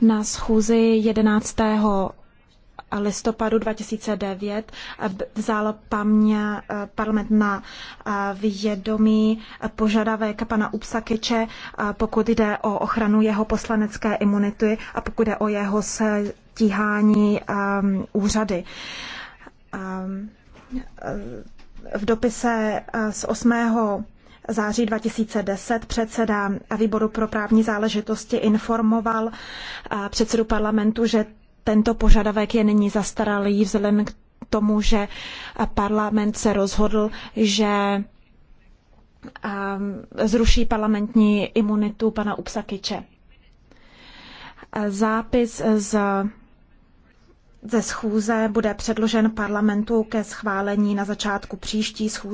Na schůzi 11. listopadu 2009 vzal pan eh, parlament na eh, vědomí požadavek pana Upsakeče, eh, pokud jde o ochranu jeho poslanecké imunity a pokud jde o jeho stíhání um, úřady. Um, v dopise z 8 září 2010 předseda výboru pro právní záležitosti informoval eh, předsedu parlamentu, že tento požadavek je nyní zastaralý vzhledem k tomu, že parlament se rozhodl, že eh, zruší parlamentní imunitu pana Upsakyče. Zápis z, ze schůze bude předložen parlamentu ke schválení na začátku příští schůze.